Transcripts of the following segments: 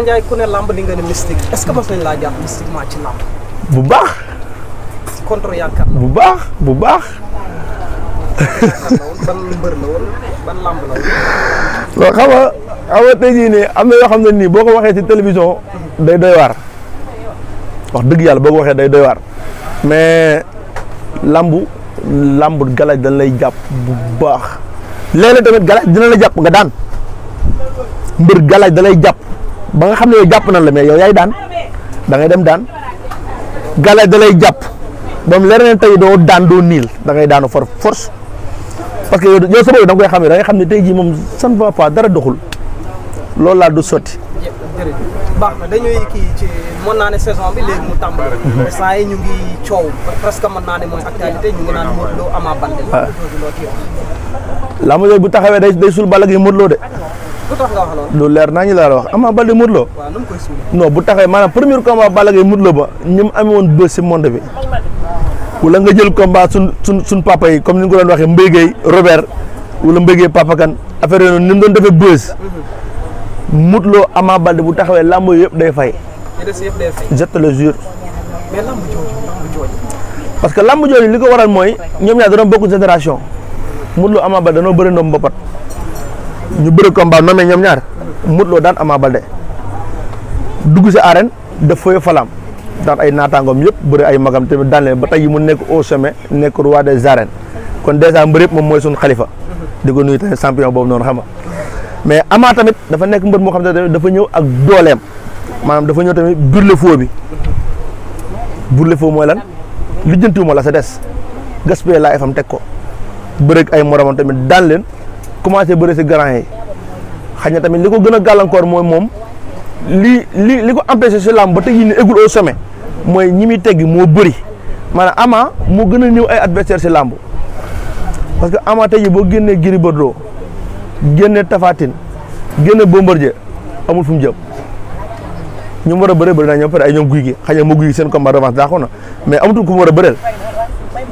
Ndiaye ku ne làmb li nga ne mystique ce que laa jàpp mystiquement bu baax. contre bu baax bu baax. ban mbër la làmb la woon. xam xam nga tey am na yoo xam na nii boo ko waxee ci télévision day doy waar wax dëgg yàlla boo ko waxee day doy waar mais làmb làmb galaaj dañ lay jàpp bu baax léeg-léeg tamit galaj dina la jàpp nga daan mbër galaaj da lay jàpp. ba nga xam ne yow jàpp na la mais yow yaay daan da ngay dem daan gala da lay jàpp moom leneen tey doo daan doo niil da ngay daanu for force parce que yow yow sa da nga xam ne da xam ne tey jii moom ça ne va pas dara doxul naa ne saison bi mhm. saa yi ñu ngi coow naa ne mooy laa ah. ma ah. yooyu bu taxawee day day suul Balla Gaye Modou de. lu tax nga loolu. leer naa ñu laa la wax Ama Baldé Modou Lô. waaw nu mu koy suulee. non bu taxee maanaam premier combat Balla Gaye Modou ba ñi mu woon bës si monde bi. wala nga jël combat sun sun suñ papa yi comme ni ñu ko doon waxee Mbaye Guèye Robert wala Mbaye Guèye Papa Kane affaire yooyu ni mu doon defee bës. Mhm. Modou Lô Ama bu taxawee lamb yëpp day fay. je le jure. parce que lamb jooju li ko waral mooy ñoom ñaa dañoo bokk génération Modou Lô Ama Baldé dañoo bëri ndoom bopat ñu bëri combat nommé ñoom ñaar Modou Lo daan amaa Baldé dugg si arène def fooy falaam daan ay nataangoom yëpp bëri ay magam tamit daan ba tey mu nekk au sommet nekk roi des arènes kon dèjà mbër moom mooy suñu xalifa di ko nuyu boobu noonu xam nga mais Ama tamit dafa nekk mbër moo xam ne dafa ñëw ak dooleem maanaam dafa ñëw tamit brûle-feu bi brûle-feu mooy lan lijjantiwuma la sa des gaspillé laa fam teg ko bëreeg ay moromam tamit daan leen. commencé bëre si grand yi xañ na tamit li ko gën a gàllankoor mooy moom lii li li ko empêché si làmb ba tey jii nii eggul au sommet mooy ñi muy teggi moo bëri maanaam Ama moo gën a néew ay adversaire si làmb parce que Ama tey jii boo génnee Gris Bordeaux génne Tapha Tine génne Bombardier amul fu mu jëm ñoom war a bëre bëri naa ñoom pare ay ñoom guy gi xañ na moo guy gi seen combat revanche daaxoon na mais amatul ku mu war a bëreel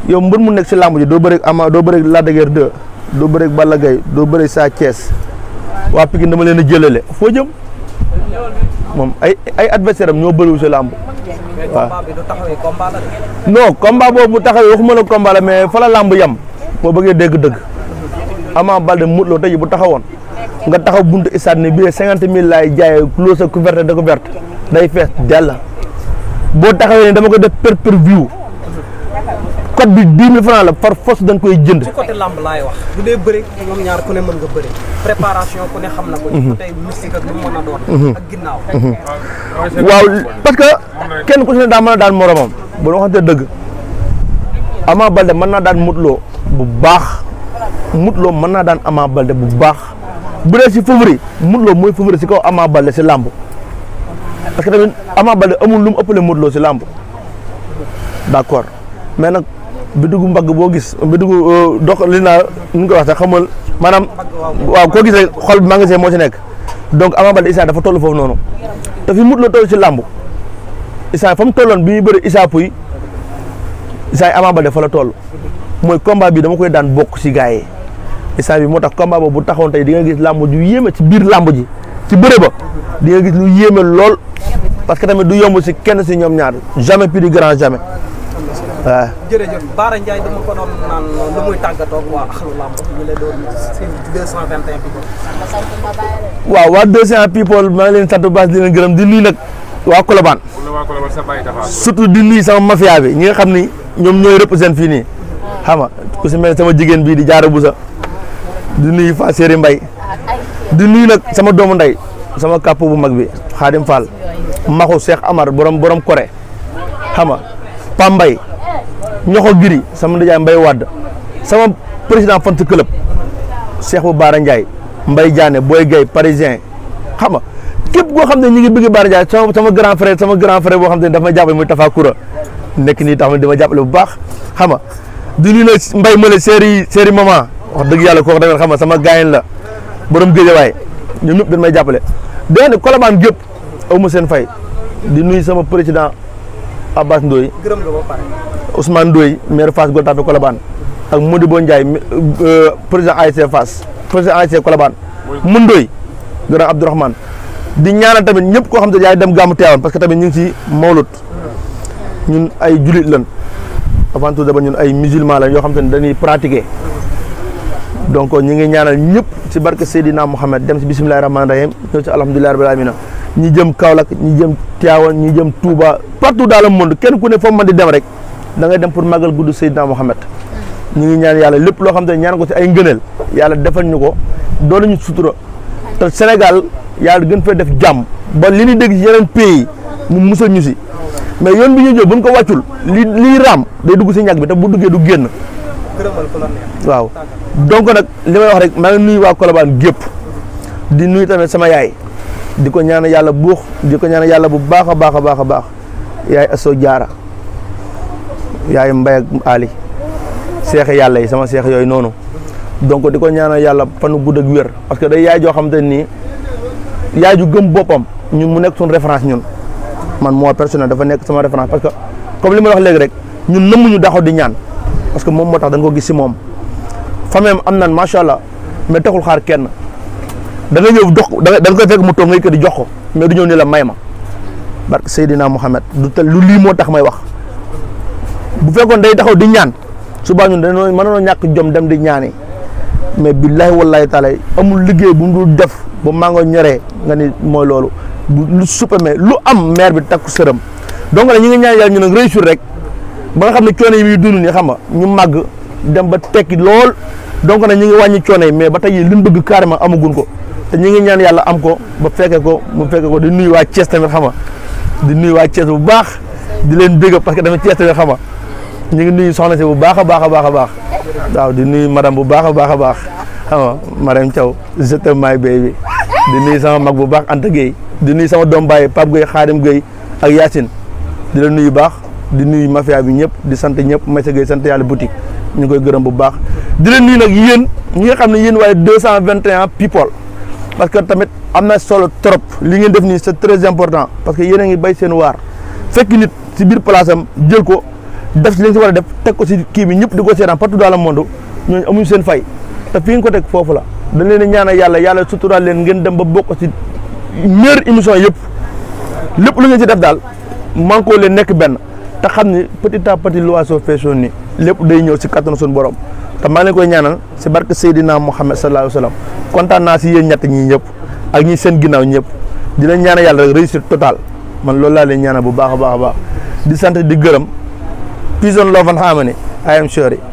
yow mu nekk si làmb ji doo bëri Ama doo bëri de doo bëreeg Balla Gaye doo bëreeg Sa Thiès waa Pikine dama leen a jëlale foo jëm moom ay ay adversaire am ñoo bëriwu si làmb waaw non combat boobu bu taxawee waxuma la combat la mais fa la làmb yam boo bëggee dégg-dëgg Ama Baldé Modou Lô tey bu taxawoon nga taxaw bunt stade ni bii cinquante mille laay jaayee close couverte découverte day fees dell boo taxawee ni dama ko def per per view code bi 10 000 francs la koy jënd. ci côté lamb laay wax bu dee bëri ñoom ñaar ku ne mën na ko. Mhm. a mhm. mhm. waaw parce que kenn ku si daa mën a daan moromam bu waxante dëgg Ama Baldé mën naa daan Modou Lô bu baax Modou Lô mën naa daan Ama Baldé bu baax bu dee si favori Modou mooy favori si kaw amaa Baldé si lamb parce que tamit Ama Baldé amul lu mu ëppale Modou Lô si lamb d'accord mais nag. bidugu mbagg boo gis bidugu euh, dox li naa nu ñu koy wax sax xamal maanaam waaw koo gis xol bi magasin moo ci nekk donc Ama Baldé Issa dafa toll foofu noonu te fi Modou Lo toll ci làmb Issa fa mu tolloon bi ñuy bëri Issa Pouye Issa Ama Baldé fa la toll mooy combat bi dama koy daan bokk si gars yi Issa bi moo tax combat boobu bu taxoon tey di nga gis làmb ju yéeme ci biir làmb ji ci bëre ba di nga gis lu yéeme lool parce que tamit du yomb si kenn si ñoom ñaar jamais plus du grand waaw jërëjëf waa Ahlou people. waaw waa 221 people maa ngi leen di sant bu leen gërëm di nuyu nag waa Colobane. surtout di nuyu sama mafia bi ñi nga xam ni ñoom ñooy représente fii nii. xam ku si mel sama jigéen bii di Diarra Boussa di nuyu Fass Séri mbay di nuyu nag sama doomu ndey sama kàpp bu mag bi Khadim Fall Maxu Cheikh Amar borom borom Corée xam Pambay ñoxo giri sama ndajaay Mbay Wàdd sama président fant club Cheikh bu Baara Ndiaye Mbay Diané Boy Gueye parisien xam nga képp koo xam ne ñu ngi bëgg Baara Ndiaye sama sama grand frère sama grand frère boo xam ne dafa ma jàppale muy nekk nii tax dama jàppale bu baax xam nga du ñu nag Mbay Mële séeri séeri maman wax dëgg yàlla koo tamit xam nga sama gaayen la boroom Géejawaay ñoom ñëpp dañ may jàppale. dégg nga ne Colobane gépp aw ma seen fay di nuyu sama président. Abbas Ndoye gërëm nga ba pare Ousmane Ndoye maire Fass Gueule Tapée Colobane ak Modibo Ndiaye euh, président ASC Fass président ASC Colobane mun Ndoye grand Abdourahmane di ñaanal tamit ñëpp koo xam ne yaay dem gàmmu Tiwaawan parce que tamit ñu ngi ci mawlut ñun ay julit lan avant tout d'abord ñun ay musulman lañ yoo xam te ni dañuy pratiquer donc ñu ngi ñaanal ñëpp si barke Seydina Mohamed dem ci bisimilahi rahmaani rahim ñëw ci alhamdulilahi rabbil alamin ñu jëm Kaolack ñu jëm Tivaouane ñi jëm Touba partout dans le monde kenn ku ne foo man di dem rek da ngay dem pour màggal gudd Seydina Mohamed. ñu ngi ñaan yàlla lépp loo xam te ñaan ko ci ay ngëneel yàlla defal ñu ko doon nañu sutura te Sénégal yàlla gën fee def jàmm ba li nuy dégg ci yeneen pays mu musal ñu si mais yoon bi ñu ñëw bu ñu ko wàccul li liy raam day dugg si ñàkk bi te bu duggee du génn. waaw donc nag li may wax rek maa ngi nuyu waa Colobane gépp di nuyu tamit sama yaay. di ko ñaan yàlla buux di ko ñaan yàlla bu baax a baax a baax a baax yaay Asso Diarra yaay Mbaye ak Ali seex yàlla yi sama seex yooyu noonu donc di ko ñaanal yàlla fanu gudd ak wér parce que day yaay joo xamante nii yaay ju gëm boppam ñun mu nekk soon référence ñun man moo personnel dafa nekk sama référence parce que comme li ma wax léegi rek ñun nëmmuñu daxaw di ñaan parce que moom moo tax dañ ko gis si moom fa famem am na macha allah mais taxul xaar kenn da ñëw dox da nga koy fekk mu toog ngay kër di jox ko mais du ñëw ni la may ma barke Seydina Mohamed du tal lu lii moo tax may wax bu fekkoon day taxaw di ñaan suba ñun dañoo mënoon ñàkk jom dem di ñaani mais billahi wallahi taala amul liggéey bu mu def ba mango ñoree nga mooy loolu lu suppame lu am maire bi takku sërëm donc nag ñu nga ñaan yàlla ñu nag réussir rek ba nga xam ne coono yi muy dund nii xam nga ñu màgg dem ba tekki lool donc na ñu ngi wàññi coono yi mais ba tey li mu bëgg carrément amaguñ ko. te ñu ngi ñaan yàlla am ko ba fekke ko mu fekke ko di nuyu waa Thiès tamit xama di nuy waa Thiès bu baax di leen bëgg parce que tamit Thiès tamit xama ñu ngi nuyu soxna si bu baax a baax a baax a baax waaw di nuyu madame bu baax a baax a baax xam nga madame Thiaw je bi my baby di nuyu sama mag bu baax Anta Gueye di nuy sama doom baay Pape Gueye Xaadim géey ak Yacine di la nuyu baax di nuyu mafia bi ñëpp di sant ñëpp Maïssa Gueye sant yàlla boutique ñu koy gërëm bu baax di la nuyu nag yéen ñi nga xam ne yéen waaye deux cent vingt et un people parce que tamit am na solo trop li ngeen def nii c'est très important parce que yéen a ngi béy seen waar fekk nit si biir place jël ko def si li nga si war a def teg ko si kii bi ñëpp di ko seetaan partout daal le monde ñooñu amuñu seen fay te fi nga ko teg foofu la dañ leen ñaana ñaanal yàlla yàlla suturaal leen ngeen dem ba bokk si meilleure émission yëpp lépp lu ngeen si def daal man koo leen nekk benn te xam ni petit à petit l'oiseau fait son nid lépp day ñëw si kattanu suñu borom te maa ngi koy ñaanal si barke Seydina Muhammad sallallahu alayhi kontaan naa si yéen ñett ñi ñëpp ak ñi seen ginnaaw ñëpp di leen yàlla rek réussite totale man loolu laa leen ñaanal bu baax a baax a baax di sant di gërëm Prison loo fan Harmony I am sorry